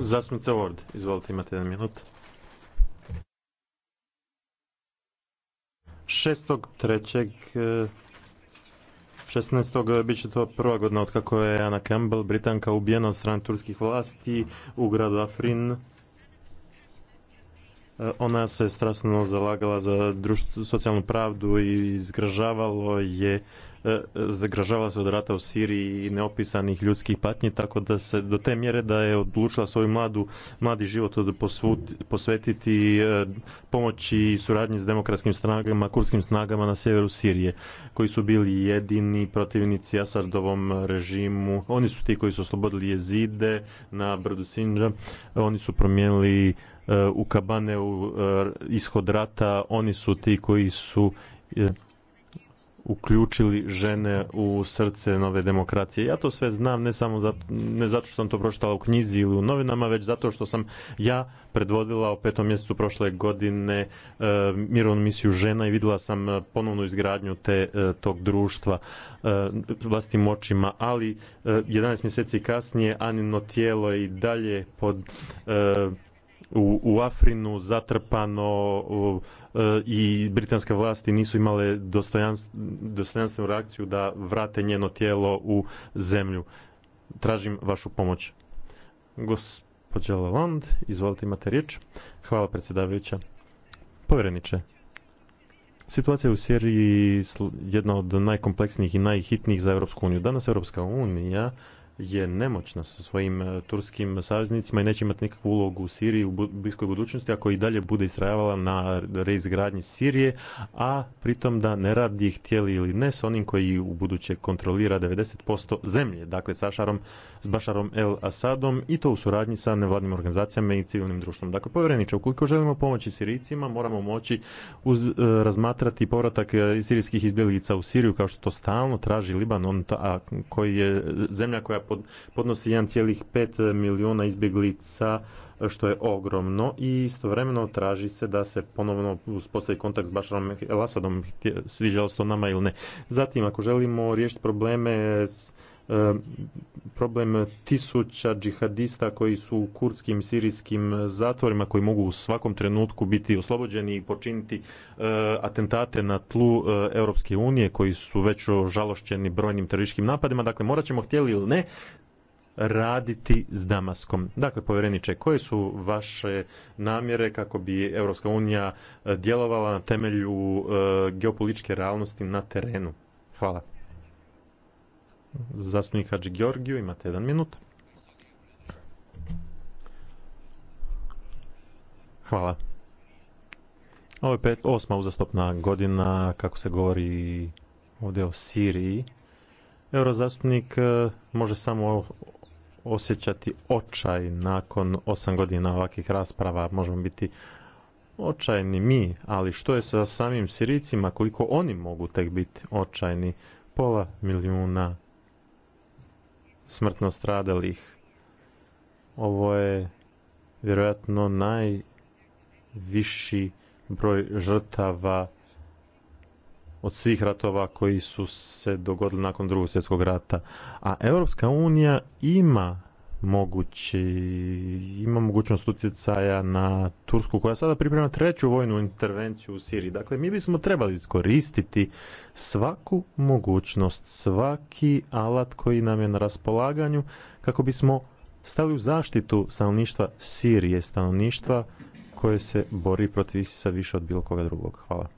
Zastupnica Ward, izvolite, imate jedan minut. 16. Eh, eh, bit će to prva godina od kako je Anna Campbell, Britanka, ubijena od strane turskih vlasti u gradu Afrin E, ona se strasno zalagala za društvo, socijalnu pravdu i zgražavalo je e, zagražavala se od rata u Siriji i neopisanih ljudskih patnji, tako da se do te mjere da je odlučila svoju mladu, mladi život od posvetiti e, pomoći i suradnji s demokratskim snagama, kurskim snagama na sjeveru Sirije, koji su bili jedini protivnici Asadovom režimu. Oni su ti koji su oslobodili jezide na brdu Sinđa. Oni su promijenili u u e, ishod rata, oni su ti koji su e, uključili žene u srce nove demokracije. Ja to sve znam ne samo zato, ne zato što sam to pročitala u knjizi ili u novinama, već zato što sam ja predvodila u petom mjesecu prošle godine e, mirovnu misiju žena i vidjela sam e, ponovnu izgradnju te, tog društva e, vlastim očima, ali 11 mjeseci kasnije Anino tijelo je i dalje pod u, u Afrinu zatrpano e, i britanske vlasti nisu imale dostojanstvenu reakciju da vrate njeno tijelo u zemlju. Tražim vašu pomoć. Gospodje land izvolite imate riječ. Hvala predsjedavajuća. Povjereniče, Situacija u Siriji je jedna od najkompleksnijih i najhitnijih za Europsku uniju. Danas Europska unija je nemoćna sa svojim e, turskim saveznicima i neće imati nikakvu ulogu u Siriji u bliskoj budućnosti ako i dalje bude istrajavala na reizgradnji Sirije, a pritom da ne radi htjeli ili ne s onim koji u buduće kontrolira 90% zemlje, dakle sa s Bašarom El Asadom i to u suradnji sa nevladnim organizacijama i civilnim društvom. Dakle, povjereniče, ukoliko želimo pomoći Sirijcima, moramo moći uz, e, razmatrati povratak e, sirijskih izbjeglica u Siriju, kao što to stalno traži Libanon, a koji je zemlja koja podnosi 1,5 milijuna izbjeglica što je ogromno i istovremeno traži se da se ponovno uspostavi kontakt s Bašarom Elasadom, sviđalo se nama ili ne. Zatim, ako želimo riješiti probleme E, problem tisuća džihadista koji su u kurdskim sirijskim zatvorima koji mogu u svakom trenutku biti oslobođeni i počiniti e, atentate na tlu e, Europske unije koji su već žalošćeni brojnim terorističkim napadima. Dakle, morat ćemo htjeli ili ne raditi s Damaskom. Dakle, povjereniče, koje su vaše namjere kako bi Europska unija djelovala na temelju geopolitičke realnosti na terenu? Hvala. Zastupnik Hadži Georgiju, imate jedan minut. Hvala. Ovo je pet, osma uzastopna godina, kako se govori ovdje o Siriji. Eurozastupnik e, može samo osjećati očaj nakon osam godina ovakvih rasprava. Možemo biti očajni mi, ali što je sa samim Sirijcima, koliko oni mogu tek biti očajni? Pola milijuna smrtno stradalih. Ovo je vjerojatno najviši broj žrtava od svih ratova koji su se dogodili nakon drugog svjetskog rata. A Europska unija ima mogući, ima mogućnost utjecaja na Tursku koja sada priprema treću vojnu intervenciju u Siriji. Dakle, mi bismo trebali iskoristiti svaku mogućnost, svaki alat koji nam je na raspolaganju kako bismo stali u zaštitu stanovništva Sirije, stanovništva koje se bori protiv Isisa više od bilo koga drugog. Hvala.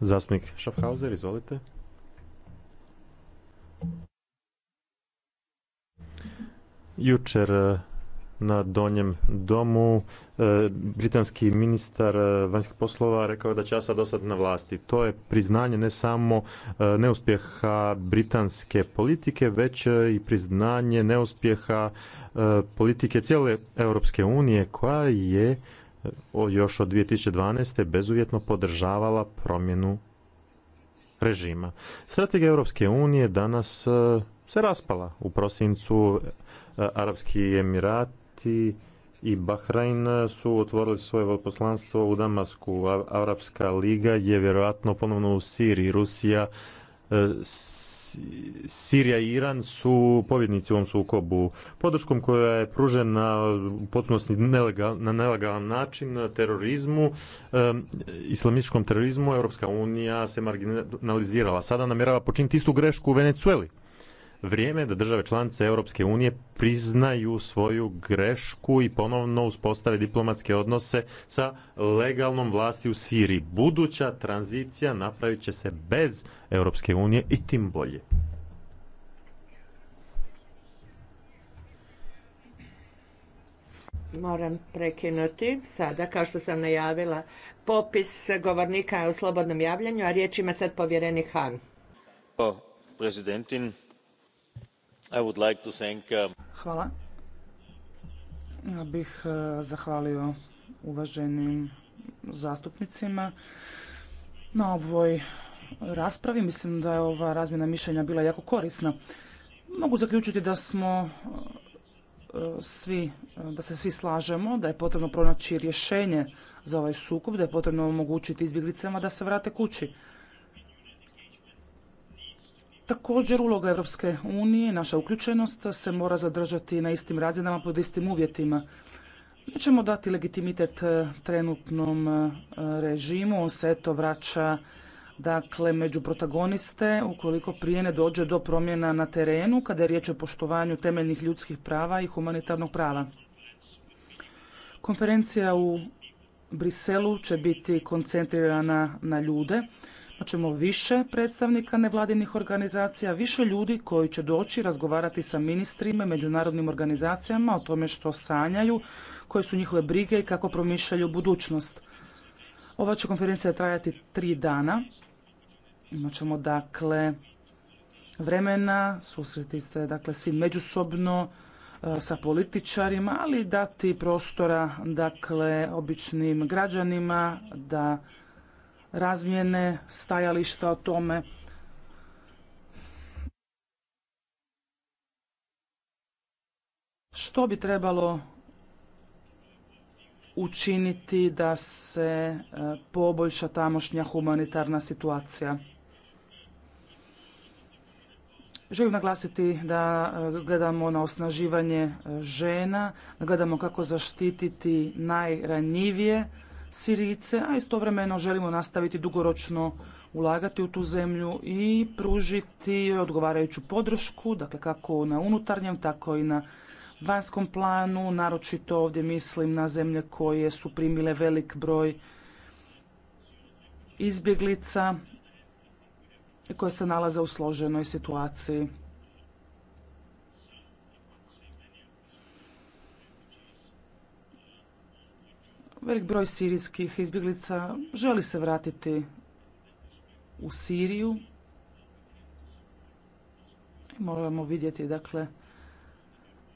Zastupnik Schaffhauser, izvolite. Jučer e, na Donjem domu e, britanski ministar e, vanjskih poslova rekao da će Asad ostati na vlasti. To je priznanje ne samo neuspjeha britanske politike, već i priznanje neuspjeha politike cijele Europske unije koja je još od 2012. bezuvjetno podržavala promjenu režima. Strategija Europske unije danas se raspala u prosincu Arapski Emirati i Bahrain su otvorili svoje veleposlanstvo u Damasku. Arapska liga je vjerojatno ponovno u Siriji. Rusija, e, Sirija i Iran su pobjednici u ovom sukobu. Podrškom koja je pružena u potpunosti na nelegalan način terorizmu, e, islamističkom terorizmu, Europska unija se marginalizirala. Sada namjerava počiniti istu grešku u Venecueli vrijeme da države članice Europske unije priznaju svoju grešku i ponovno uspostave diplomatske odnose sa legalnom vlasti u Siriji. Buduća tranzicija napravit će se bez Europske unije i tim bolje. Moram prekinuti sada, kao što sam najavila, popis govornika u slobodnom javljanju, a riječ ima sad povjerenik Han. Prezidentin, Um, Hvala. Ja bih e, zahvalio uvaženim zastupnicima na ovoj raspravi. Mislim da je ova razmjena mišljenja bila jako korisna. Mogu zaključiti da smo e, svi, e, da se svi slažemo, da je potrebno pronaći rješenje za ovaj sukob, da je potrebno omogućiti izbjeglicama da se vrate kući. Također uloga Europske unije, naša uključenost se mora zadržati na istim razinama pod istim uvjetima. Nećemo dati legitimitet e, trenutnom e, režimu, on se eto vraća dakle među protagoniste ukoliko prije ne dođe do promjena na terenu kada je riječ o poštovanju temeljnih ljudskih prava i humanitarnog prava. Konferencija u Briselu će biti koncentrirana na ljude ćemo više predstavnika nevladinih organizacija, više ljudi koji će doći razgovarati sa ministrima, međunarodnim organizacijama o tome što sanjaju, koje su njihove brige i kako promišljaju budućnost. Ova će konferencija trajati tri dana. Imaćemo dakle vremena, susreti se dakle svi međusobno e, sa političarima, ali dati prostora dakle običnim građanima da razmjene stajališta o tome. Što bi trebalo učiniti da se e, poboljša tamošnja humanitarna situacija? Želim naglasiti da e, gledamo na osnaživanje e, žena, da gledamo kako zaštititi najranjivije Sirice, a istovremeno želimo nastaviti dugoročno ulagati u tu zemlju i pružiti odgovarajuću podršku, dakle kako na unutarnjem, tako i na vanjskom planu, naročito ovdje mislim na zemlje koje su primile velik broj izbjeglica koje se nalaze u složenoj situaciji. Velik broj sirijskih izbjeglica želi se vratiti u Siriju. Moramo vidjeti dakle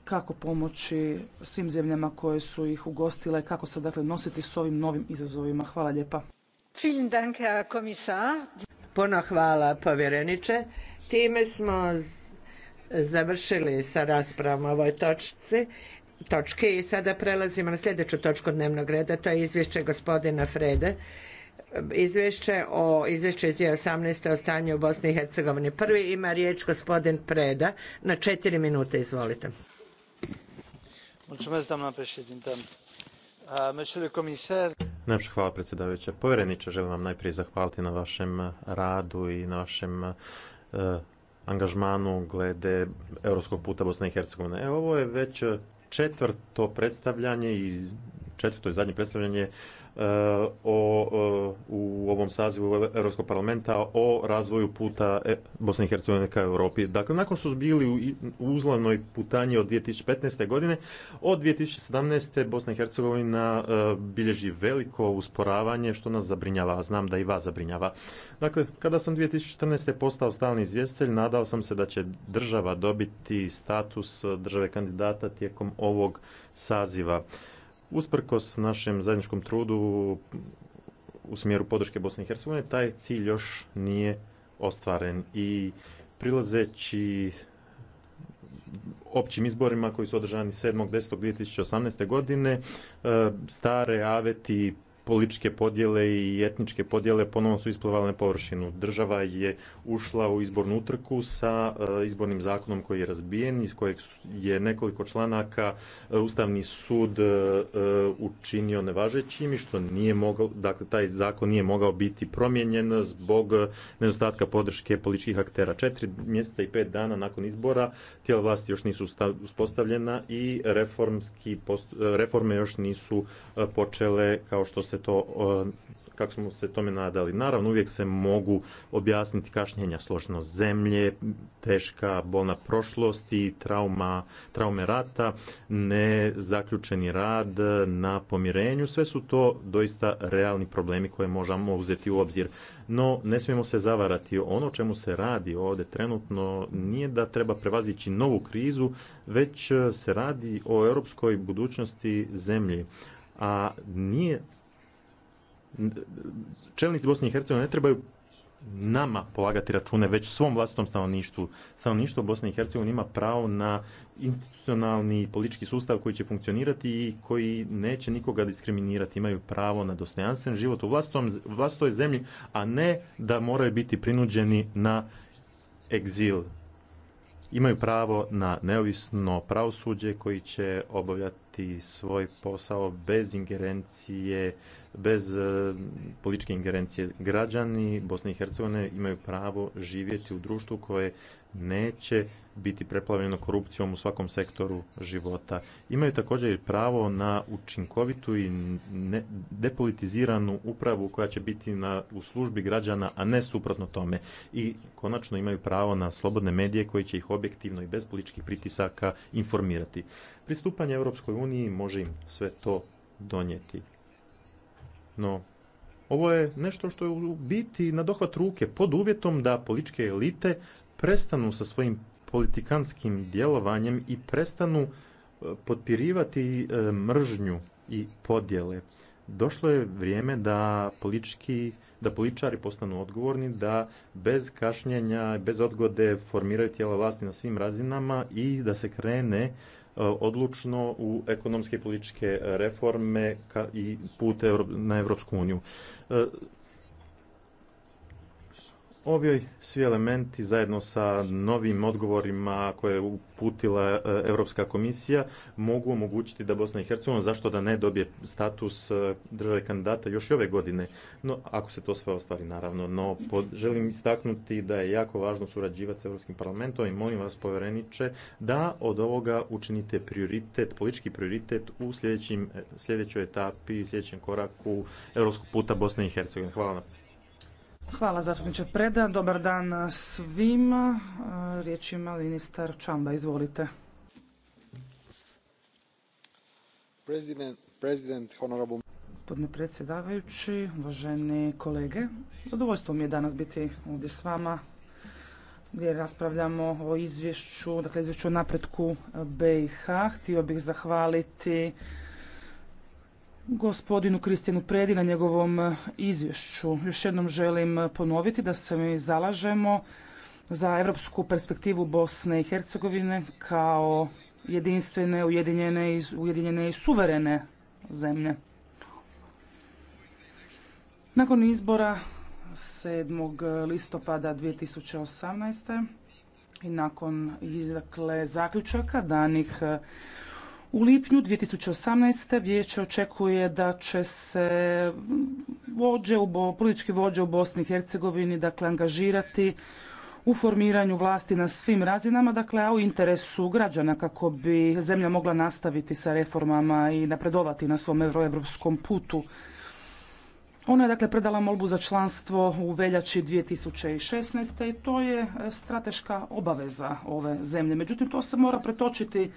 kako pomoći svim zemljama koje su ih ugostile, kako se dakle nositi s ovim novim izazovima. Hvala lijepa. Puno hvala povjereniče. Time smo završili sa raspravom o ovoj točci točke i sada prelazimo na sljedeću točku dnevnog reda, to je izvješće gospodina Frede. Izvješće o izvješće iz 2018. o stanju u Bosni i Hercegovini. Prvi ima riječ gospodin Preda na četiri minute, izvolite. Mulțumesc, hvala predsjedavajuća. Povjereniče, želim vam najprije zahvaliti na vašem radu i na vašem e, angažmanu glede europskog puta Bosne i Hercegovine. E, ovo je već četvrto predstavljanje iz četvrto i zadnje predstavljanje eh, o, eh, u ovom sazivu Europskog parlamenta o razvoju puta eh, Bosne i Hercegovine ka Europi. Dakle, nakon što su bili u uzlanoj putanji od 2015. godine, od 2017. Bosna i Hercegovina bilježi veliko usporavanje što nas zabrinjava, a znam da i vas zabrinjava. Dakle, kada sam 2014. postao stalni izvjestitelj, nadao sam se da će država dobiti status države kandidata tijekom ovog saziva. Usprkos našem zajedničkom trudu u smjeru podrške Bosne i Hercegovine, taj cilj još nije ostvaren i prilazeći općim izborima koji su održani 2018. godine, e, stare aveti političke podjele i etničke podjele ponovno su isplavale na površinu. Država je ušla u izbornu utrku sa e, izbornim zakonom koji je razbijen, iz kojeg je nekoliko članaka e, Ustavni sud e, učinio nevažećim i što nije mogao, dakle taj zakon nije mogao biti promijenjen zbog nedostatka podrške političkih aktera. Četiri mjeseca i pet dana nakon izbora tijela vlasti još nisu uspostavljena i reformski, reforme još nisu počele kao što se to kako smo se tome nadali. Naravno, uvijek se mogu objasniti kašnjenja složnost zemlje, teška bolna prošlosti, trauma, traume rata, nezaključeni rad na pomirenju. Sve su to doista realni problemi koje možemo uzeti u obzir. No, ne smijemo se zavarati. Ono čemu se radi ovdje trenutno nije da treba prevazići novu krizu, već se radi o europskoj budućnosti zemlji. A nije čelnici Bosne i Hercegovine ne trebaju nama polagati račune, već svom vlastitom stanovništvu. Stanovništvo Bosne i Hercegovine ima pravo na institucionalni politički sustav koji će funkcionirati i koji neće nikoga diskriminirati. Imaju pravo na dostojanstven život u vlastom, vlastoj zemlji, a ne da moraju biti prinuđeni na egzil. Imaju pravo na neovisno pravosuđe koji će obavljati svoj posao bez ingerencije bez e, političke ingerencije. Građani Bosne i Hercegovine imaju pravo živjeti u društvu koje neće biti preplavljeno korupcijom u svakom sektoru života. Imaju također i pravo na učinkovitu i depolitiziranu upravu koja će biti u službi građana, a ne suprotno tome. I konačno imaju pravo na slobodne medije koji će ih objektivno i bez političkih pritisaka informirati. Pristupanje Europskoj uniji može im sve to donijeti. No, ovo je nešto što je u biti na dohvat ruke pod uvjetom da političke elite prestanu sa svojim politikanskim djelovanjem i prestanu e, potpirivati e, mržnju i podjele. Došlo je vrijeme da politički, da političari postanu odgovorni, da bez kašnjenja, bez odgode formiraju tijela vlasti na svim razinama i da se krene E, odlučno u ekonomske i političke reforme i pute na Evropsku uniju. E, Ovi svi elementi zajedno sa novim odgovorima koje je uputila e, Europska komisija mogu omogućiti da Bosna i Hercegovina zašto da ne dobije status e, države kandidata još i ove godine. No, ako se to sve ostvari naravno. No, želim istaknuti da je jako važno surađivati s Europskim parlamentom i molim vas povjereniče da od ovoga učinite prioritet, politički prioritet u sljedećoj etapi, sljedećem koraku Europskog puta Bosne i Hercegovine. Hvala vam. Hvala zastupniče Preda. Dobar dan svima. E, riječ ima ministar Čamba. Izvolite. Gospodine predsjedavajući, uvaženi kolege, zadovoljstvo mi je danas biti ovdje s vama gdje raspravljamo o izvješću, dakle izvješću o napretku BiH. Htio bih zahvaliti gospodinu Kristijanu Predi na njegovom e, izvješću. Još jednom želim ponoviti da se mi zalažemo za europsku perspektivu Bosne i Hercegovine kao jedinstvene, ujedinjene i, ujedinjene i suverene zemlje. Nakon izbora 7. listopada 2018. i nakon dakle, zaključaka danih u lipnju 2018. vijeće očekuje da će se vođe, politički vođe u Bosni i Hercegovini dakle, angažirati u formiranju vlasti na svim razinama, dakle, a u interesu građana kako bi zemlja mogla nastaviti sa reformama i napredovati na svom evroevropskom putu. Ona je dakle predala molbu za članstvo u veljači 2016. i to je strateška obaveza ove zemlje. Međutim, to se mora pretočiti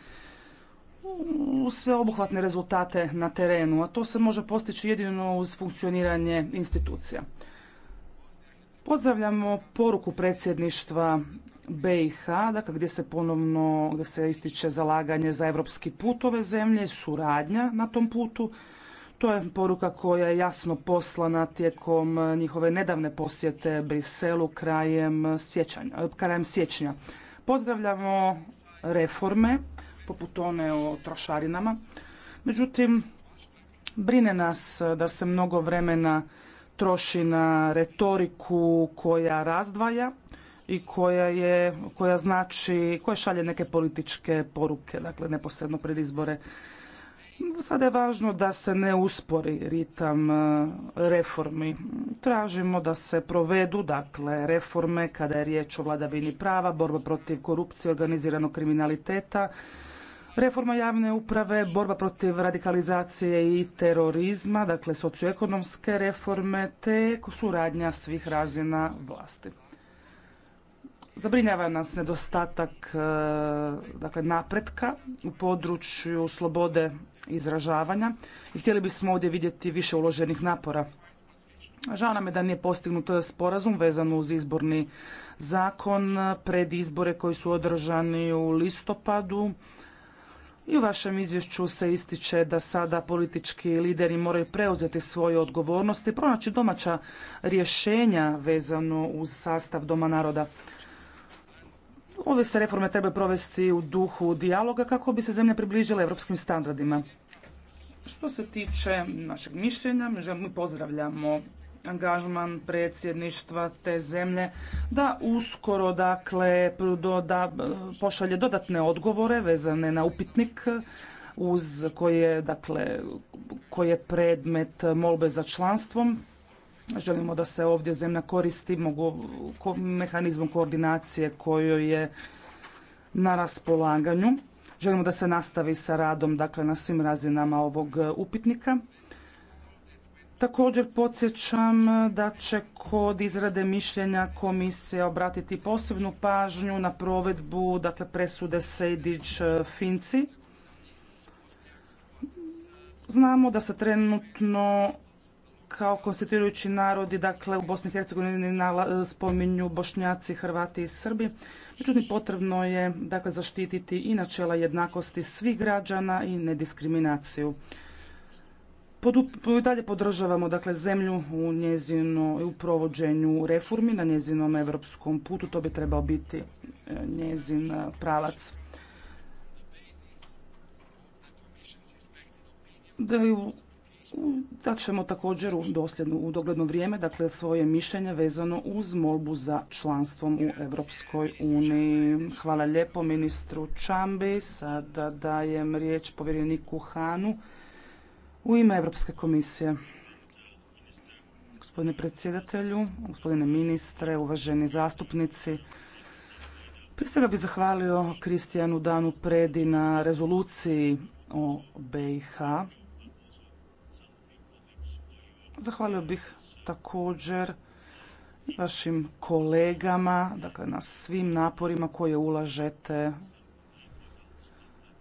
sveobuhvatne rezultate na terenu, a to se može postići jedino uz funkcioniranje institucija. Pozdravljamo poruku predsjedništva BiH, dakle gdje se ponovno, gdje se ističe zalaganje za evropski put ove zemlje, suradnja na tom putu. To je poruka koja je jasno poslana tijekom njihove nedavne posjete Briselu krajem, krajem siječnja. Pozdravljamo reforme poput one o trošarinama. Međutim, brine nas da se mnogo vremena troši na retoriku koja razdvaja i koja je, koja znači, koja šalje neke političke poruke, dakle neposredno pred izbore. Sada je važno da se ne uspori ritam e, reformi. Tražimo da se provedu dakle reforme kada je riječ o vladavini prava, borba protiv korupcije, organiziranog kriminaliteta, Reforma javne uprave, borba protiv radikalizacije i terorizma, dakle socioekonomske reforme te suradnja svih razina vlasti. Zabrinjava nas nedostatak e, dakle, napretka u području slobode izražavanja i htjeli bismo ovdje vidjeti više uloženih napora. Žao nam je da nije postignut sporazum vezan uz izborni zakon pred izbore koji su održani u listopadu i u vašem izvješću se ističe da sada politički lideri moraju preuzeti svoje odgovornosti i pronaći domaća rješenja vezano uz sastav Doma naroda. Ove se reforme trebaju provesti u duhu dijaloga kako bi se zemlje približila europskim standardima. Što se tiče našeg mišljenja, mi pozdravljamo angažman predsjedništva te zemlje da uskoro dakle da pošalje dodatne odgovore vezane na upitnik uz je dakle koji je predmet molbe za članstvom. Želimo da se ovdje zemlja koristi mogu, mehanizmom koordinacije koji je na raspolaganju. Želimo da se nastavi sa radom dakle na svim razinama ovog upitnika. Također podsjećam da će kod izrade mišljenja komisija obratiti posebnu pažnju na provedbu dakle, presude Sejdić e, Finci. Znamo da se trenutno kao konstituirajući narodi, dakle u Bosni i Hercegovini spominju Bošnjaci, Hrvati i Srbi. Međutim, potrebno je dakle zaštititi i načela jednakosti svih građana i nediskriminaciju dalje podržavamo dakle zemlju u njezinu u provođenju reformi na njezinom europskom putu, to bi trebao biti e, njezin e, pravac. Da ćemo također u dosljedno u dogledno vrijeme dakle svoje mišljenje vezano uz molbu za članstvom u Europskoj uniji. Hvala lijepo ministru Čambi. Sada dajem riječ povjereniku Hanu. U ime Europske komisije. Gospodine predsjedatelju, gospodine ministre, uvaženi zastupnici, prije svega bih zahvalio Kristijanu Danu Predi na rezoluciji o BiH. Zahvalio bih također vašim kolegama, dakle na svim naporima koje ulažete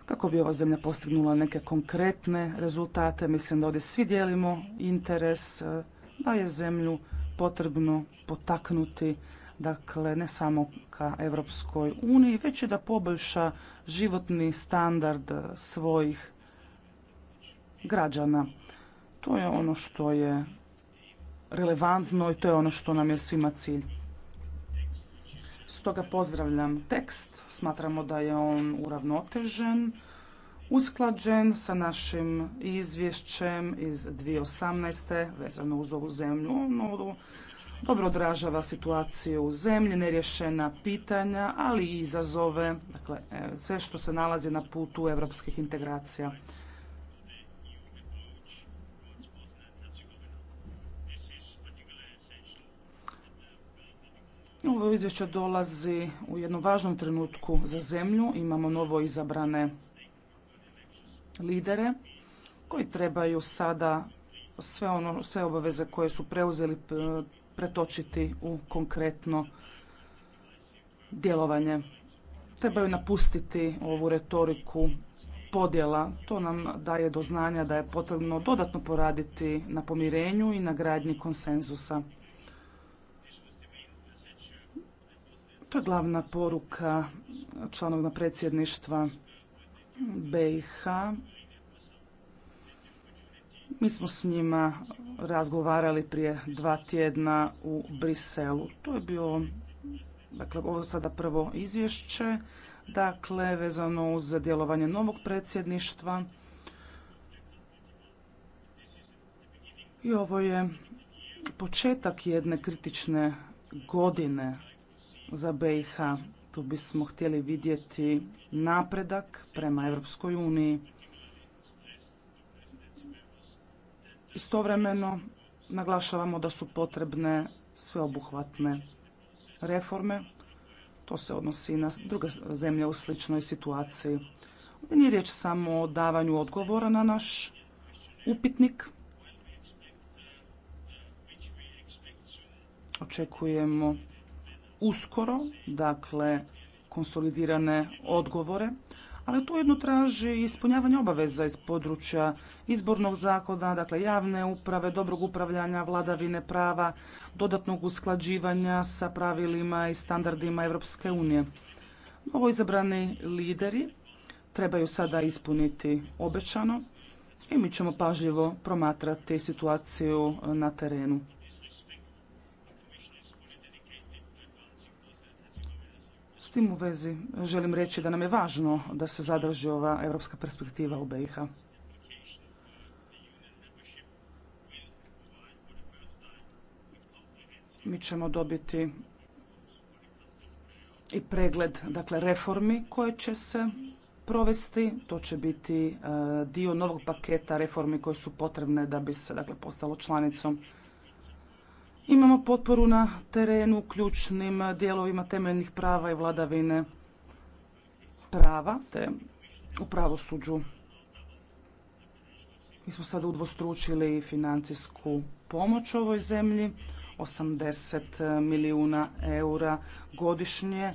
kako bi ova zemlja postignula neke konkretne rezultate. Mislim da ovdje svi dijelimo interes eh, da je zemlju potrebno potaknuti dakle ne samo ka Europskoj uniji, već i da poboljša životni standard eh, svojih građana. To je ono što je relevantno i to je ono što nam je svima cilj. Stoga pozdravljam tekst, smatramo da je on uravnotežen, usklađen sa našim izvješćem iz 2018. vezano uz ovu zemlju. Ono dobro odražava situaciju u zemlji, nerješena pitanja, ali i izazove, dakle e, sve što se nalazi na putu europskih integracija. Ovo izvješće dolazi u jednom važnom trenutku za zemlju. Imamo novo izabrane lidere koji trebaju sada sve, ono, sve obaveze koje su preuzeli e, pretočiti u konkretno djelovanje. Trebaju napustiti ovu retoriku podjela. To nam daje do znanja da je potrebno dodatno poraditi na pomirenju i na gradnji konsenzusa. To je glavna poruka članovima predsjedništva BiH. Mi smo s njima razgovarali prije dva tjedna u Briselu. To je bilo, dakle, ovo sada prvo izvješće, dakle, vezano uz djelovanje novog predsjedništva. I ovo je početak jedne kritične godine za BiH. Tu bismo htjeli vidjeti napredak prema Europskoj uniji. Istovremeno naglašavamo da su potrebne sveobuhvatne reforme. To se odnosi i na druge zemlje u sličnoj situaciji. Ovdje nije riječ samo o davanju odgovora na naš upitnik. Očekujemo uskoro, dakle konsolidirane odgovore, ali to jedno traži ispunjavanje obaveza iz područja izbornog zakona, dakle javne uprave, dobrog upravljanja, vladavine prava, dodatnog usklađivanja sa pravilima i standardima Europske unije. Ovo izabrani lideri trebaju sada ispuniti obećano i mi ćemo pažljivo promatrati situaciju na terenu. tim u vezi želim reći da nam je važno da se zadrži ova europska perspektiva u BiH. Mi ćemo dobiti i pregled dakle, reformi koje će se provesti. To će biti e, dio novog paketa reformi koje su potrebne da bi se dakle, postalo članicom Imamo potporu na terenu ključnim dijelovima temeljnih prava i vladavine prava te u pravosuđu. Mi smo sada udvostručili financijsku pomoć ovoj zemlji, 80 milijuna eura godišnje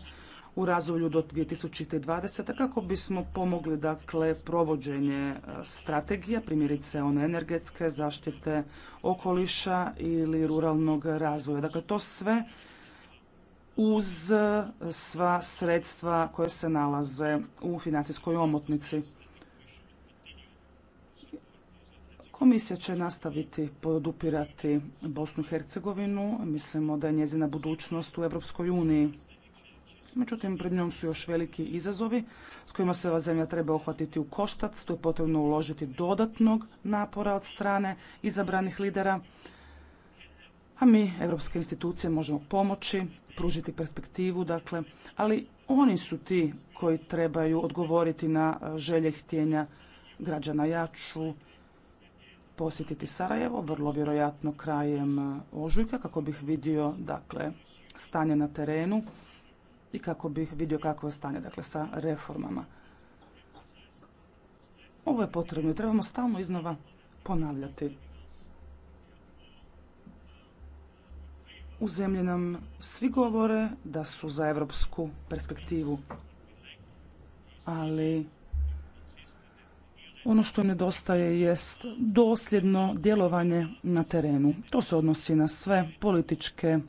u razvoju do 2020. kako bismo pomogli dakle provođenje e, strategija, primjerice one energetske zaštite okoliša ili ruralnog razvoja. Dakle to sve uz e, sva sredstva koje se nalaze u financijskoj omotnici. Komisija će nastaviti podupirati Bosnu i Hercegovinu. Mislimo da je njezina budućnost u Europskoj uniji. Međutim, pred njom su još veliki izazovi s kojima se ova zemlja treba uhvatiti u koštac. Tu je potrebno uložiti dodatnog napora od strane izabranih lidera. A mi, evropske institucije, možemo pomoći, pružiti perspektivu, dakle, ali oni su ti koji trebaju odgovoriti na želje htjenja građana. Ja ću posjetiti Sarajevo, vrlo vjerojatno krajem ožujka, kako bih vidio, dakle, stanje na terenu i kako bih vidio kako je stanje dakle, sa reformama. Ovo je potrebno i trebamo stalno iznova ponavljati. U zemlji nam svi govore da su za evropsku perspektivu, ali ono što nedostaje jest dosljedno djelovanje na terenu. To se odnosi na sve političke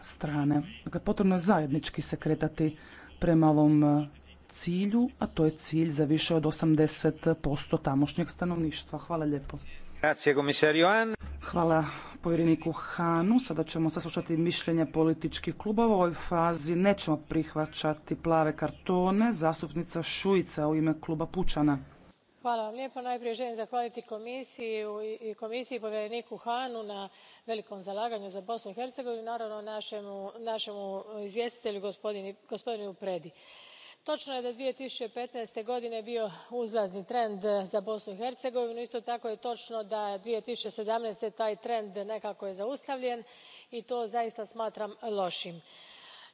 strane. Dakle, potrebno je zajednički se kretati prema ovom e, cilju, a to je cilj za više od 80% tamošnjeg stanovništva. Hvala lijepo. Hvala povjereniku Hanu. Sada ćemo saslušati mišljenje političkih klubova. U ovoj fazi nećemo prihvaćati plave kartone. Zastupnica Šujica u ime kluba Pučana gospodine predsjedniče najprije želim zahvaliti komisiji i povjereniku hahnu na velikom zalaganju za bosnu i hercegovinu i naravno našemu izvjestitelju gospodinu predi. Točno je da je. two thousand and godine bio uzlazni trend za bosnu i hercegovinu. isto tako je točno da je. two thousand taj trend nekako zaustavljen i to zaista smatram lošim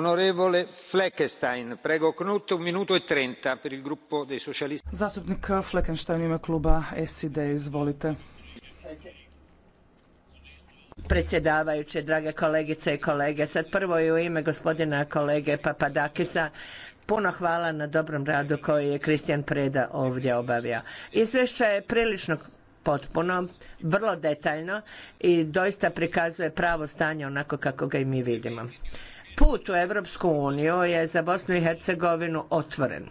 E Zastupnik Fleckenstein u ime kluba izvolite. Predsjedavajući, drage kolegice i kolege, sad prvo i u ime gospodina kolege Papadakisa puno hvala na dobrom radu koji je Kristijan Preda ovdje obavio. Izvješće je prilično potpuno, vrlo detaljno i doista prikazuje pravo stanje onako kako ga i mi vidimo put u Europsku uniju je za Bosnu i Hercegovinu otvoren.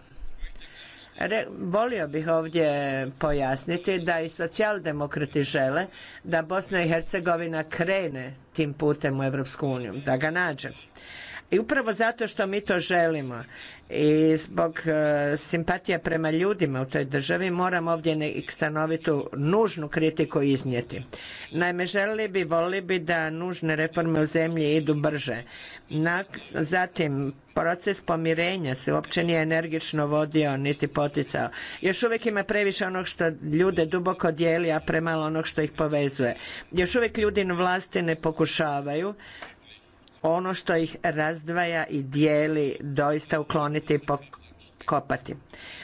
Re, volio bih ovdje pojasniti da i socijaldemokrati žele da Bosna i Hercegovina krene tim putem u Europsku uniju, da ga nađe. I upravo zato što mi to želimo i zbog e, simpatija prema ljudima u toj državi moram ovdje i stanovitu nužnu kritiku iznijeti. Naime, želili bi, volili bi da nužne reforme u zemlji idu brže. Zatim, proces pomirenja se uopće nije energično vodio niti poticao. Još uvijek ima previše onog što ljude duboko dijeli, a premalo onog što ih povezuje. Još uvijek ljudi na vlasti ne pokušavaju ono što ih razdvaja i dijeli doista ukloniti i pokopati.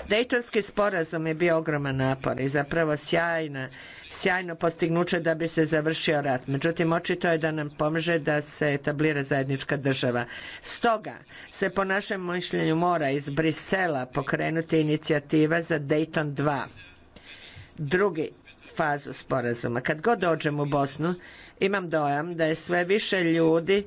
Dejtonski sporazum je bio ogroman napor i zapravo sjajna, sjajno postignuće da bi se završio rat. Međutim, očito je da nam pomaže da se etablira zajednička država. Stoga se po našem mišljenju mora iz Brisela pokrenuti inicijativa za Dayton 2. Drugi fazu sporazuma. Kad god dođem u Bosnu, imam dojam da je sve više ljudi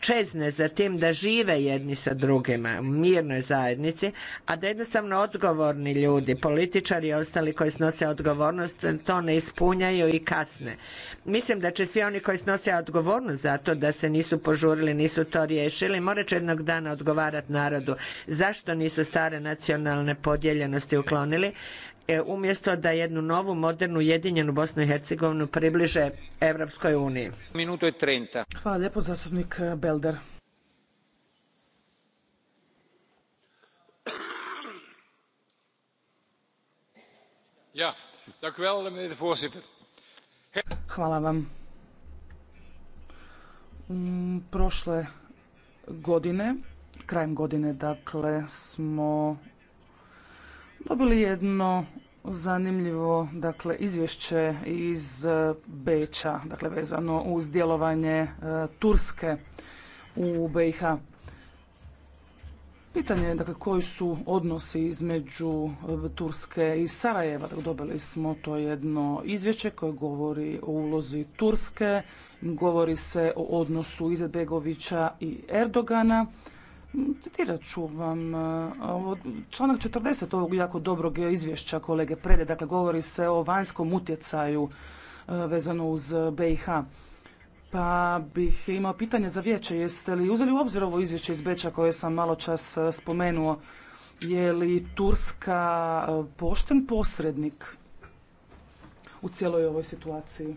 čezne za tim da žive jedni sa drugima u mirnoj zajednici, a da jednostavno odgovorni ljudi, političari i ostali koji snose odgovornost to ne ispunjaju i kasne. Mislim da će svi oni koji snose odgovornost za to da se nisu požurili, nisu to riješili, morat će jednog dana odgovarati narodu zašto nisu stare nacionalne podijeljenosti uklonili, E, umjesto da jednu novu, modernu, ujedinjenu Bosnu i Hercegovinu približe Europskoj uniji. i 30. Hvala lijepo, zastupnik Belder. Hvala vam. Mm, prošle godine, krajem godine, dakle, smo dobili jedno zanimljivo dakle, izvješće iz e, Beča, dakle vezano uz djelovanje e, Turske u BiH. Pitanje je dakle, koji su odnosi između e, Turske i Sarajeva. Dakle, dobili smo to jedno izvješće koje govori o ulozi Turske, govori se o odnosu Izetbegovića i Erdogana, Citirat ću vam e, članak 40 ovog jako dobrog izvješća kolege Prede, dakle govori se o vanjskom utjecaju e, vezano uz BiH. Pa bih imao pitanje za vijeće, jeste li uzeli u obzir ovo izvješće iz Beča koje sam malo čas e, spomenuo? Je li Turska pošten posrednik u cijeloj ovoj situaciji?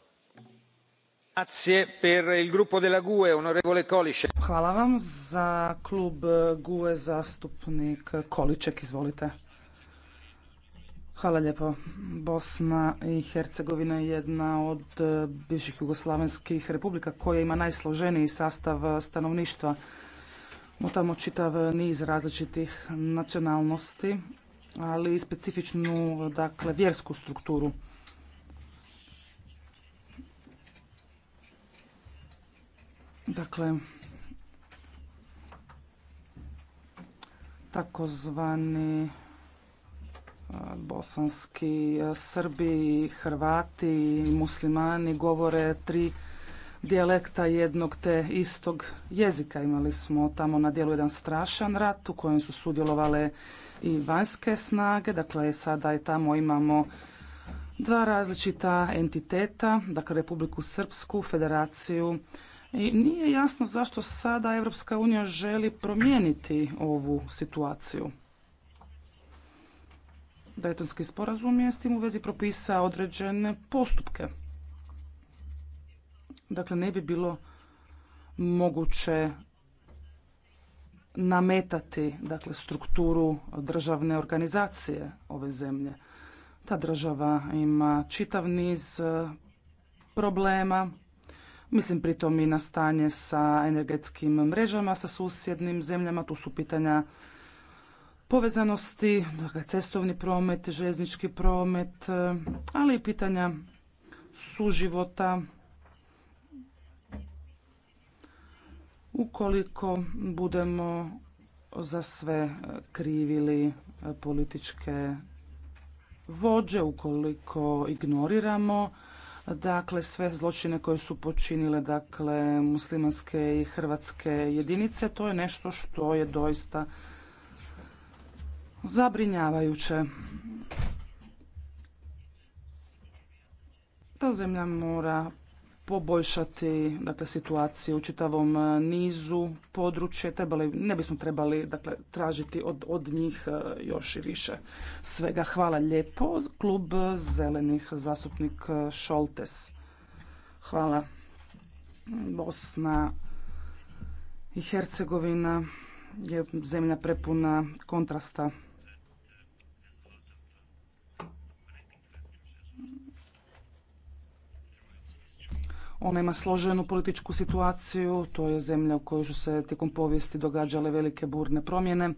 E, Hvala vam. Za klub GUE zastupnik Količek, izvolite. Hvala lijepo. Bosna i Hercegovina je jedna od bivših jugoslavenskih republika koja ima najsloženiji sastav stanovništva. Tamo čitav niz različitih nacionalnosti, ali i specifičnu dakle, vjersku strukturu. Dakle, takozvani bosanski Srbi, Hrvati, muslimani govore tri dijalekta jednog te istog jezika. Imali smo tamo na dijelu jedan strašan rat u kojem su sudjelovale i vanjske snage. Dakle, sada i tamo imamo dva različita entiteta, dakle Republiku Srpsku, Federaciju i nije jasno zašto sada Europska unija želi promijeniti ovu situaciju. Daytonski sporazum je s tim u vezi propisao određene postupke. Dakle, ne bi bilo moguće nametati dakle, strukturu državne organizacije ove zemlje. Ta država ima čitav niz eh, problema, Mislim pritom i na stanje sa energetskim mrežama, sa susjednim zemljama, tu su pitanja povezanosti, dakle cestovni promet, željeznički promet, eh, ali i pitanja suživota. Ukoliko budemo za sve eh, krivili eh, političke vođe, ukoliko ignoriramo dakle sve zločine koje su počinile dakle muslimanske i hrvatske jedinice. To je nešto što je doista zabrinjavajuće. Ta zemlja mora poboljšati dakle, situaciju u čitavom e, nizu područja. Trebali, ne bismo trebali dakle, tražiti od, od njih e, još i više svega. Hvala lijepo. Klub zelenih zastupnik e, Šoltes. Hvala. Bosna i Hercegovina je zemlja prepuna kontrasta. Ona ima složenu političku situaciju, to je zemlja u kojoj su se tijekom povijesti događale velike burne promjene.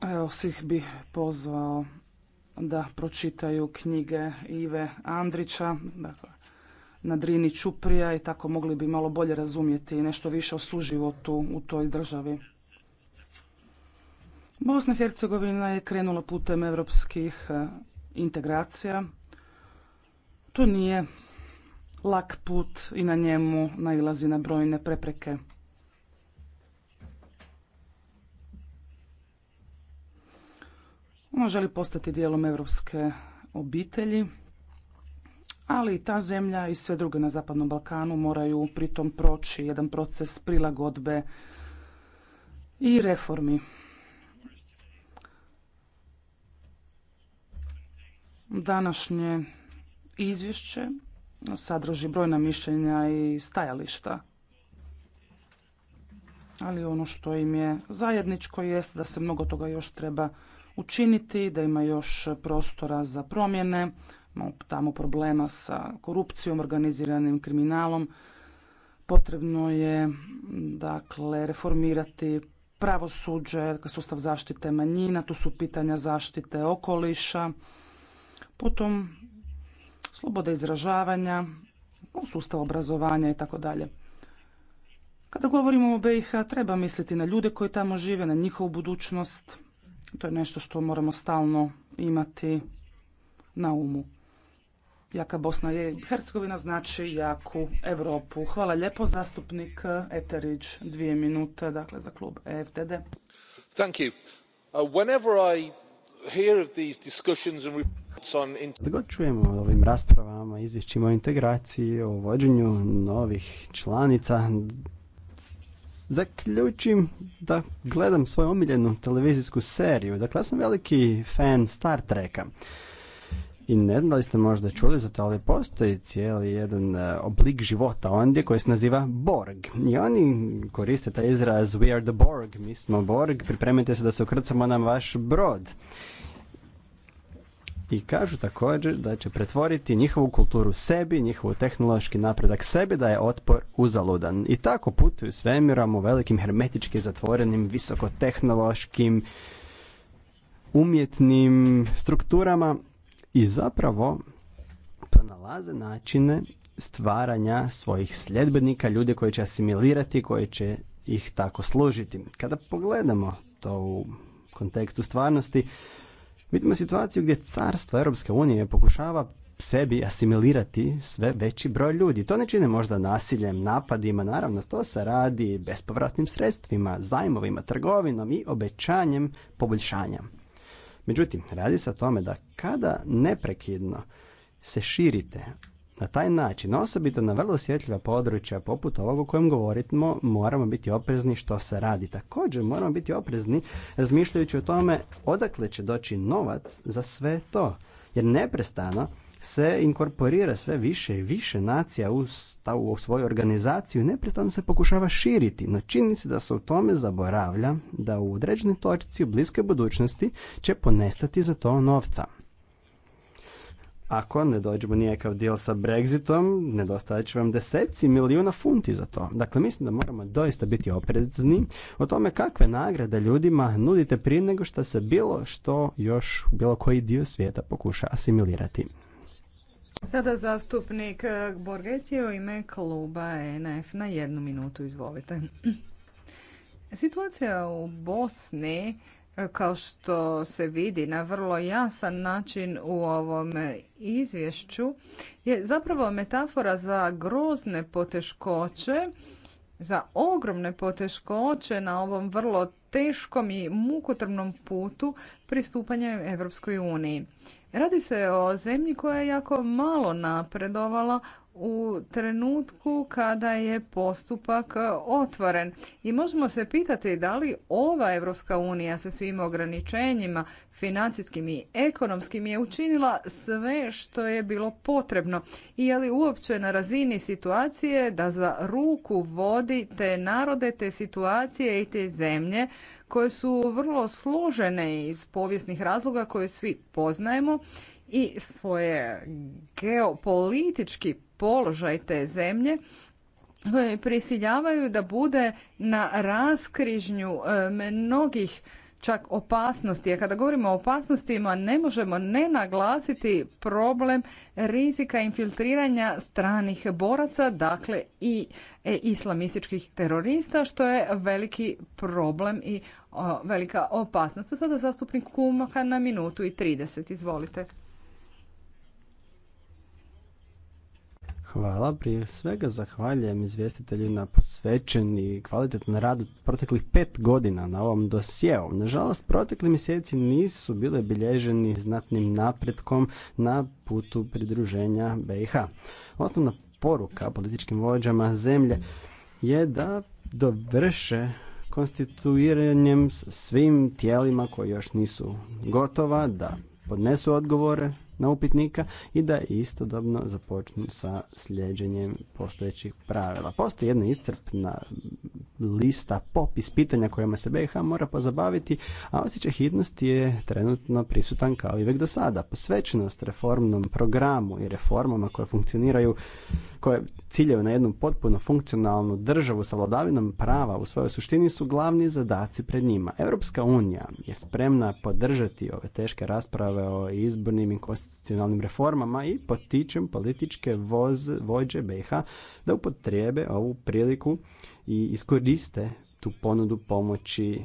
Evo, svih bi pozvao da pročitaju knjige Ive Andrića, dakle, na Drini Čuprija i tako mogli bi malo bolje razumjeti nešto više o suživotu u toj državi. Bosna i Hercegovina je krenula putem europskih e, integracija. To nije lak put i na njemu nailazi na brojne prepreke. Ona želi postati dijelom europske obitelji, ali i ta zemlja i sve druge na Zapadnom Balkanu moraju pritom proći jedan proces prilagodbe i reformi. Današnje izvješće sadrži brojna mišljenja i stajališta. Ali ono što im je zajedničko jest da se mnogo toga još treba učiniti, da ima još prostora za promjene, tamo problema sa korupcijom, organiziranim kriminalom. Potrebno je dakle reformirati pravosuđe, sustav zaštite manjina, tu su pitanja zaštite okoliša, potom sloboda izražavanja, sustav obrazovanja i tako dalje. Kada govorimo o BiH treba misliti na ljude koji tamo žive, na njihovu budućnost. To je nešto što moramo stalno imati na umu. Jaka Bosna je Hercegovina znači jaku Europu. Hvala lijepo zastupnik Eterić, dvije minute dakle za klub EFTD. Thank you. Uh, whenever I hear of kada god čujemo o ovim raspravama, izvješćima o integraciji, o vođenju novih članica, zaključim da gledam svoju omiljenu televizijsku seriju. Dakle, ja sam veliki fan Star Treka. I ne znam da li ste možda čuli za to, ali postoji cijeli jedan e, oblik života ondje koji se naziva Borg. I oni koriste taj izraz We are the Borg, mi smo Borg, pripremite se da se ukrcamo na vaš brod. I kažu također da će pretvoriti njihovu kulturu sebi, njihov tehnološki napredak sebi, da je otpor uzaludan. I tako putuju svemirom u velikim hermetički zatvorenim, visokotehnološkim, umjetnim strukturama i zapravo pronalaze načine stvaranja svojih sljedbenika, ljude koji će asimilirati, koji će ih tako služiti. Kada pogledamo to u kontekstu stvarnosti, Vidimo situaciju gdje carstvo Europske unije pokušava sebi asimilirati sve veći broj ljudi. To ne čine možda nasiljem, napadima, naravno to se radi bespovratnim sredstvima, zajmovima, trgovinom i obećanjem poboljšanja. Međutim, radi se o tome da kada neprekidno se širite, na taj način, osobito na vrlo osjetljiva područja poput ovog o kojem govorimo, moramo biti oprezni što se radi. Također moramo biti oprezni razmišljajući o tome odakle će doći novac za sve to. Jer neprestano se inkorporira sve više i više nacija u, svoju organizaciju i neprestano se pokušava širiti, no čini se da se u tome zaboravlja da u određenoj točci u bliskoj budućnosti će ponestati za to novca. Ako ne dođemo nijekav dijel sa Brexitom, nedostaje će vam deseci milijuna funti za to. Dakle, mislim da moramo doista biti oprezni o tome kakve nagrade ljudima nudite prije nego što se bilo što još, bilo koji dio svijeta pokuša asimilirati. Sada zastupnik eh, Borgeci u ime kluba e NF na jednu minutu, izvolite. Situacija u Bosni kao što se vidi na vrlo jasan način u ovom izvješću je zapravo metafora za grozne poteškoće, za ogromne poteškoće na ovom vrlo teškom i mukotrpnom putu pristupanja Europskoj uniji. Radi se o zemlji koja je jako malo napredovala u trenutku kada je postupak e, otvoren. I možemo se pitati da li ova Europska unija sa svim ograničenjima financijskim i ekonomskim je učinila sve što je bilo potrebno i je li uopće na razini situacije da za ruku vodi te narode, te situacije i te zemlje koje su vrlo složene iz povijesnih razloga koje svi poznajemo i svoje geopolitički položaj te zemlje koje prisiljavaju da bude na raskrižnju mnogih čak opasnosti. A kada govorimo o opasnostima ne možemo ne naglasiti problem rizika infiltriranja stranih boraca, dakle i e, islamističkih terorista, što je veliki problem i velika opasnost. Sada zastupnik Kumaka na minutu i 30. Izvolite. Hvala. Prije svega zahvaljujem izvjestitelju na posvećen i kvalitetan rad proteklih pet godina na ovom dosjeu. Nažalost, protekli mjeseci nisu bile bilježeni znatnim napretkom na putu pridruženja BiH. Osnovna poruka političkim vođama zemlje je da dovrše konstituiranjem svim tijelima koji još nisu gotova, da podnesu odgovore na upitnika i da istodobno započnu sa slijeđenjem postojećih pravila. Postoji jedna iscrpna lista, popis pitanja kojima se BiH mora pozabaviti, a osjećaj hitnosti je trenutno prisutan kao i do sada. Posvećenost reformnom programu i reformama koje funkcioniraju, koje ciljaju na jednu potpuno funkcionalnu državu sa vladavinom prava u svojoj suštini su glavni zadaci pred njima. Europska unija je spremna podržati ove teške rasprave o izbornim i konstitucionalnim reformama i potičem političke voz, vođe BiH da upotrijebe ovu priliku i iskoriste tu ponudu pomoći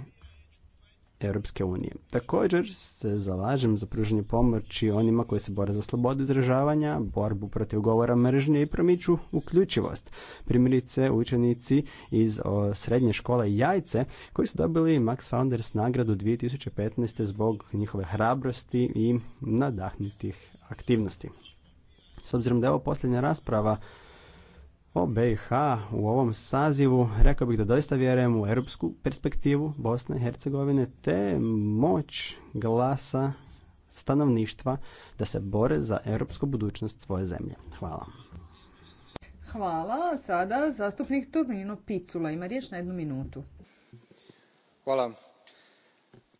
Europske unije. Također se zalažem za pružanje pomoći onima koji se bore za slobodu izražavanja, borbu protiv govora mržnje i promiču uključivost. Primjerice učenici iz srednje škole Jajce koji su dobili Max Founders nagradu 2015. zbog njihove hrabrosti i nadahnutih aktivnosti. S obzirom da je ovo posljednja rasprava o BiH u ovom sazivu rekao bih da doista vjerujem u europsku perspektivu Bosne i Hercegovine te moć glasa stanovništva da se bore za europsku budućnost svoje zemlje. Hvala. Hvala. Sada zastupnik Tomino Picula ima riječ na jednu minutu. Hvala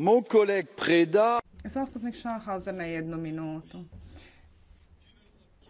Mon Preda... Zastupnik Schaffhauser na jednu minutu.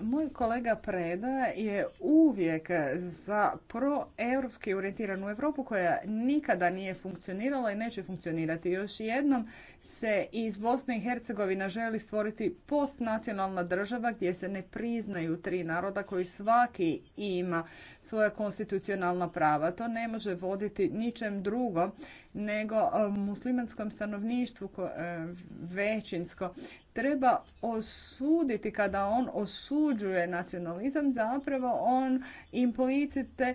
Moj kolega Preda je uvijek za proeuropski orijentiranu Europu koja nikada nije funkcionirala i neće funkcionirati. Još jednom se iz Bosne i Hercegovina želi stvoriti postnacionalna država gdje se ne priznaju tri naroda koji svaki ima svoja konstitucionalna prava. To ne može voditi ničem drugom nego e, muslimanskom stanovništvu e, većinsko. Treba osuditi kada on osuđuje nacionalizam, zapravo on implicite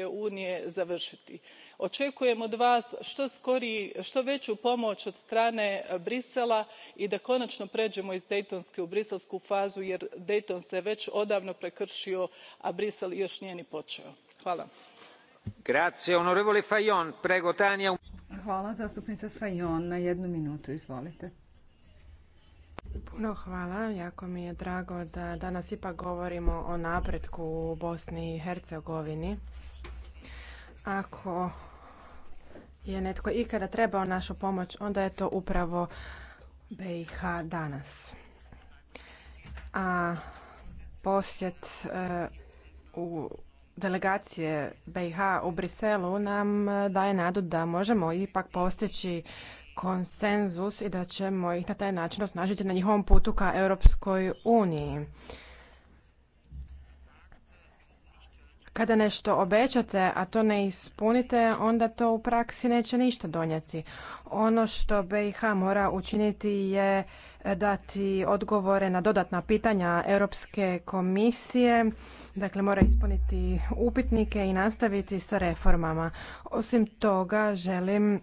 europske unije završiti. Očekujem od vas što veću pomoć od strane Brisela i da konačno pređemo iz daytonske u briselsku fazu jer dayton se već odavno prekršio, a bruxelles još nije ni počeo. hvala. Fajon. Na jednu minutu, hvala. Jako mi je drago da danas ipak govorimo o napretku u Bosni i Hercegovini. Ako je netko ikada trebao našu pomoć, onda je to upravo BiH danas. A posjet e, u delegacije BiH u Briselu nam daje nadu da možemo ipak postići konsenzus i da ćemo ih na taj način osnažiti na njihovom putu ka Europskoj uniji. Kada nešto obećate, a to ne ispunite, onda to u praksi neće ništa donijeti. Ono što BiH mora učiniti je e, dati odgovore na dodatna pitanja Europske komisije, dakle mora ispuniti upitnike i nastaviti sa reformama. Osim toga želim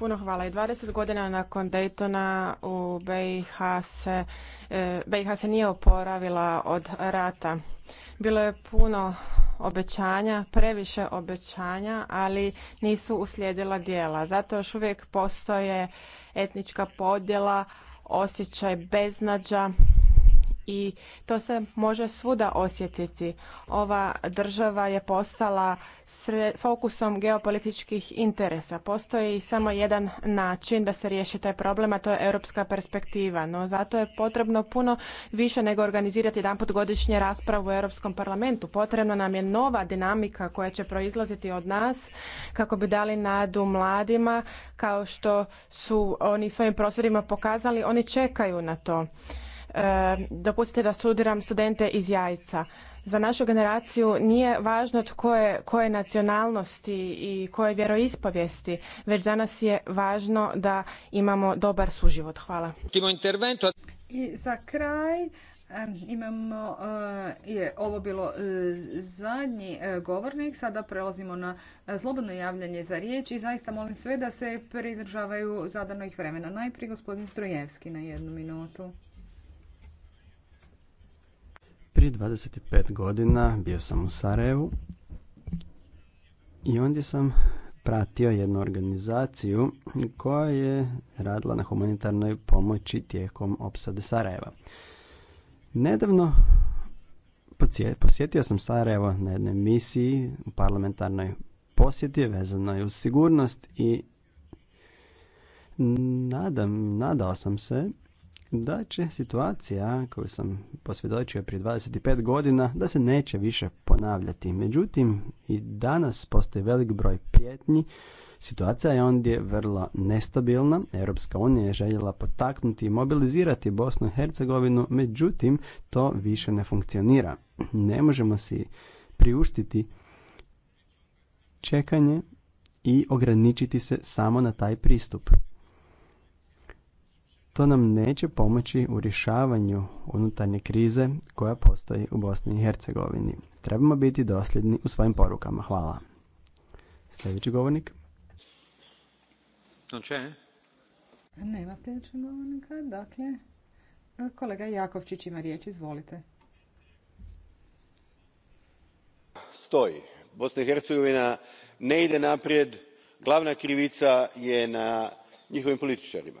Puno hvala. I 20 godina nakon Daytona u BiH se, e, BiH se nije oporavila od rata. Bilo je puno obećanja, previše obećanja, ali nisu uslijedila djela. Zato još uvijek postoje etnička podjela, osjećaj beznađa i to se može svuda osjetiti. Ova država je postala fokusom geopolitičkih interesa. Postoji samo jedan način da se riješi taj problem, a to je europska perspektiva. No zato je potrebno puno više nego organizirati jedanput godišnje raspravu u Europskom parlamentu. Potrebna nam je nova dinamika koja će proizlaziti od nas kako bi dali nadu mladima kao što su oni svojim prosvjedima pokazali, oni čekaju na to. Ehm, dopustite da sudiram studente iz Jajca. Za našu generaciju nije važno tko je koje nacionalnosti i koje vjeroispovijesti, već za nas je važno da imamo dobar suživot. Hvala. I za kraj ehm, Imamo, eh, je ovo bilo eh, zadnji eh, govornik, sada prelazimo na slobodno javljanje za riječ i zaista molim sve da se pridržavaju zadanih vremena. Najprije gospodin Strojevski na jednu minutu. Prije 25 godina bio sam u Sarajevu i ondje sam pratio jednu organizaciju koja je radila na humanitarnoj pomoći tijekom opsade Sarajeva. Nedavno posjetio sam Sarajevo na jednoj misiji u parlamentarnoj posjeti vezano je uz sigurnost i nadam, nadao sam se da će situacija koju sam posvjedočio prije 25 godina da se neće više ponavljati. Međutim, i danas postoji velik broj prijetnji. Situacija je ondje vrlo nestabilna. Europska unija je željela potaknuti i mobilizirati Bosnu i Hercegovinu, međutim, to više ne funkcionira. Ne možemo si priuštiti čekanje i ograničiti se samo na taj pristup to nam neće pomoći u rješavanju unutarnje krize koja postoji u Bosni i Hercegovini. Trebamo biti dosljedni u svojim porukama. Hvala. Sljedeći govornik. Noće. Nema sljedećeg govornika, dakle, kolega Jakovčić ima riječ, izvolite. Stoji. Bosna i Hercegovina ne ide naprijed, glavna krivica je na njihovim političarima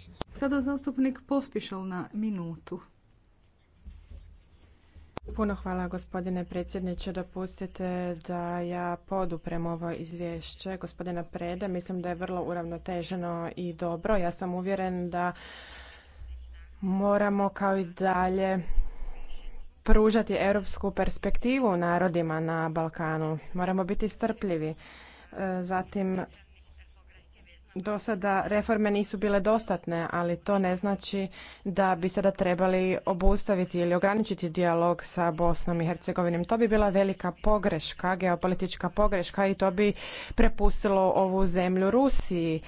Sada zastupnik Pospišal na minutu. Puno hvala gospodine predsjedniče. Dopustite da ja poduprem ovo izvješće gospodina Preda. Mislim da je vrlo uravnoteženo i dobro. Ja sam uvjeren da moramo kao i dalje pružati europsku perspektivu narodima na Balkanu. Moramo biti strpljivi. Zatim do sada reforme nisu bile dostatne, ali to ne znači da bi sada trebali obustaviti ili ograničiti dijalog sa Bosnom i Hercegovinom. To bi bila velika pogreška, geopolitička pogreška i to bi prepustilo ovu zemlju Rusiji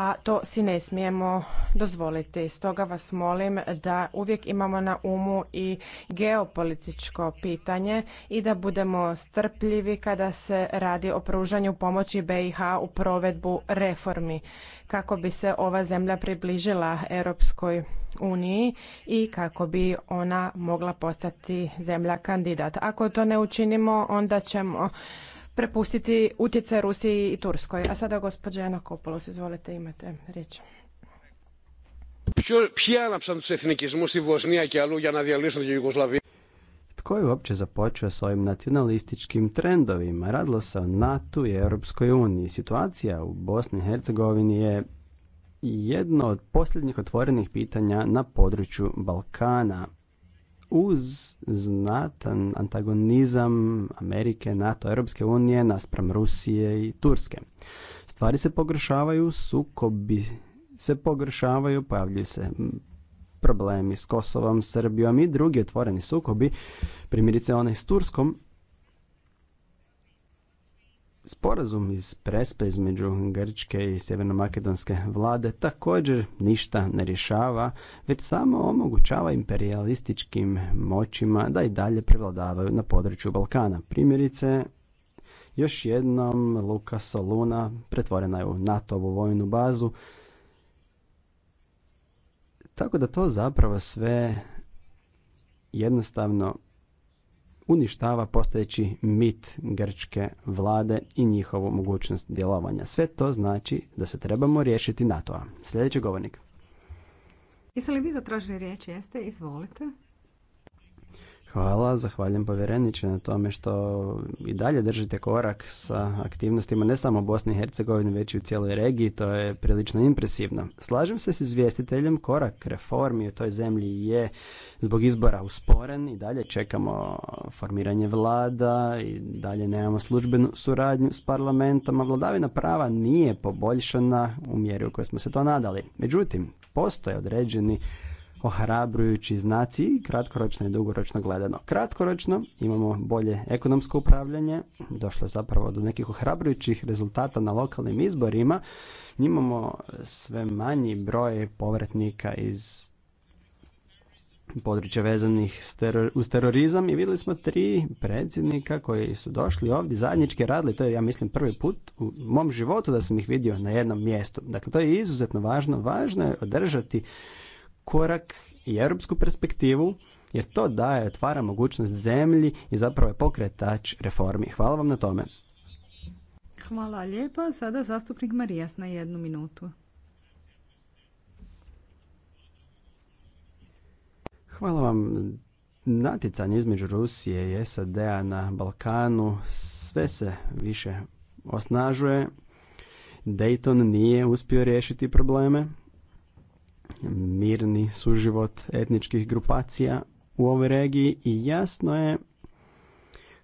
a to si ne smijemo dozvoliti. Stoga vas molim da uvijek imamo na umu i geopolitičko pitanje i da budemo strpljivi kada se radi o pružanju pomoći BiH u provedbu reformi kako bi se ova zemlja približila Europskoj uniji i kako bi ona mogla postati zemlja kandidat. Ako to ne učinimo onda ćemo prepustiti utjecaj Rusiji i Turskoj. A sada gospođa Jana Kopolos, izvolite, imate riječ. Tko je uopće započeo s ovim nacionalističkim trendovima? Radilo se o NATO i Europskoj uniji. Situacija u Bosni i Hercegovini je jedno od posljednjih otvorenih pitanja na području Balkana uz znatan antagonizam Amerike, NATO, Europske unije naspram Rusije i Turske. Stvari se pogrešavaju, sukobi se pogrešavaju, pojavljuju se problemi s Kosovom, Srbijom i drugi otvoreni sukobi, primjerice onaj s Turskom, Sporazum iz Prespe između Grčke i Sjeverno-Makedonske vlade također ništa ne rješava, već samo omogućava imperialističkim moćima da i dalje prevladavaju na području Balkana. Primjerice, još jednom Luka Soluna pretvorena je u nato vojnu bazu, tako da to zapravo sve jednostavno uništava postojeći mit grčke vlade i njihovu mogućnost djelovanja. Sve to znači da se trebamo riješiti NATO-a. Sljedeći govornik. Jeste li vi zatražili riječ? Jeste? Izvolite. Hvala, zahvaljujem povjereniče na tome što i dalje držite korak sa aktivnostima ne samo u Bosni i Hercegovini, već i u cijeloj regiji, to je prilično impresivno. Slažem se s izvjestiteljem, korak reformi u toj zemlji je zbog izbora usporen i dalje čekamo formiranje vlada i dalje nemamo službenu suradnju s parlamentom, a vladavina prava nije poboljšana u mjeri u kojoj smo se to nadali. Međutim, postoje određeni ohrabrujući znaci kratkoročno i dugoročno gledano. Kratkoročno imamo bolje ekonomsko upravljanje, došlo je zapravo do nekih ohrabrujućih rezultata na lokalnim izborima, imamo sve manji broj povratnika iz područja vezanih uz terorizam i vidjeli smo tri predsjednika koji su došli ovdje zajednički radili. To je, ja mislim, prvi put u mom životu da sam ih vidio na jednom mjestu. Dakle, to je izuzetno važno. Važno je održati korak i europsku perspektivu jer to daje, otvara mogućnost zemlji i zapravo je pokretač reformi. Hvala vam na tome. Hvala lijepa. Sada zastupnik Marijas na jednu minutu. Hvala vam. Naticanje između Rusije i SAD-a na Balkanu sve se više osnažuje. Dayton nije uspio riješiti probleme mirni suživot etničkih grupacija u ovoj regiji i jasno je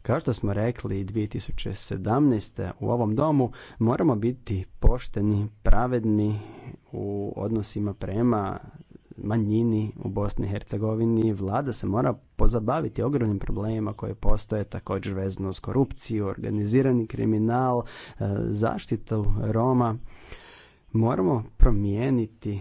kao što smo rekli 2017. u ovom domu, moramo biti pošteni, pravedni u odnosima prema manjini u Bosni i Hercegovini. Vlada se mora pozabaviti ogromnim problemima koje postoje također vezano s korupciju, organizirani kriminal, e, zaštitu Roma. Moramo promijeniti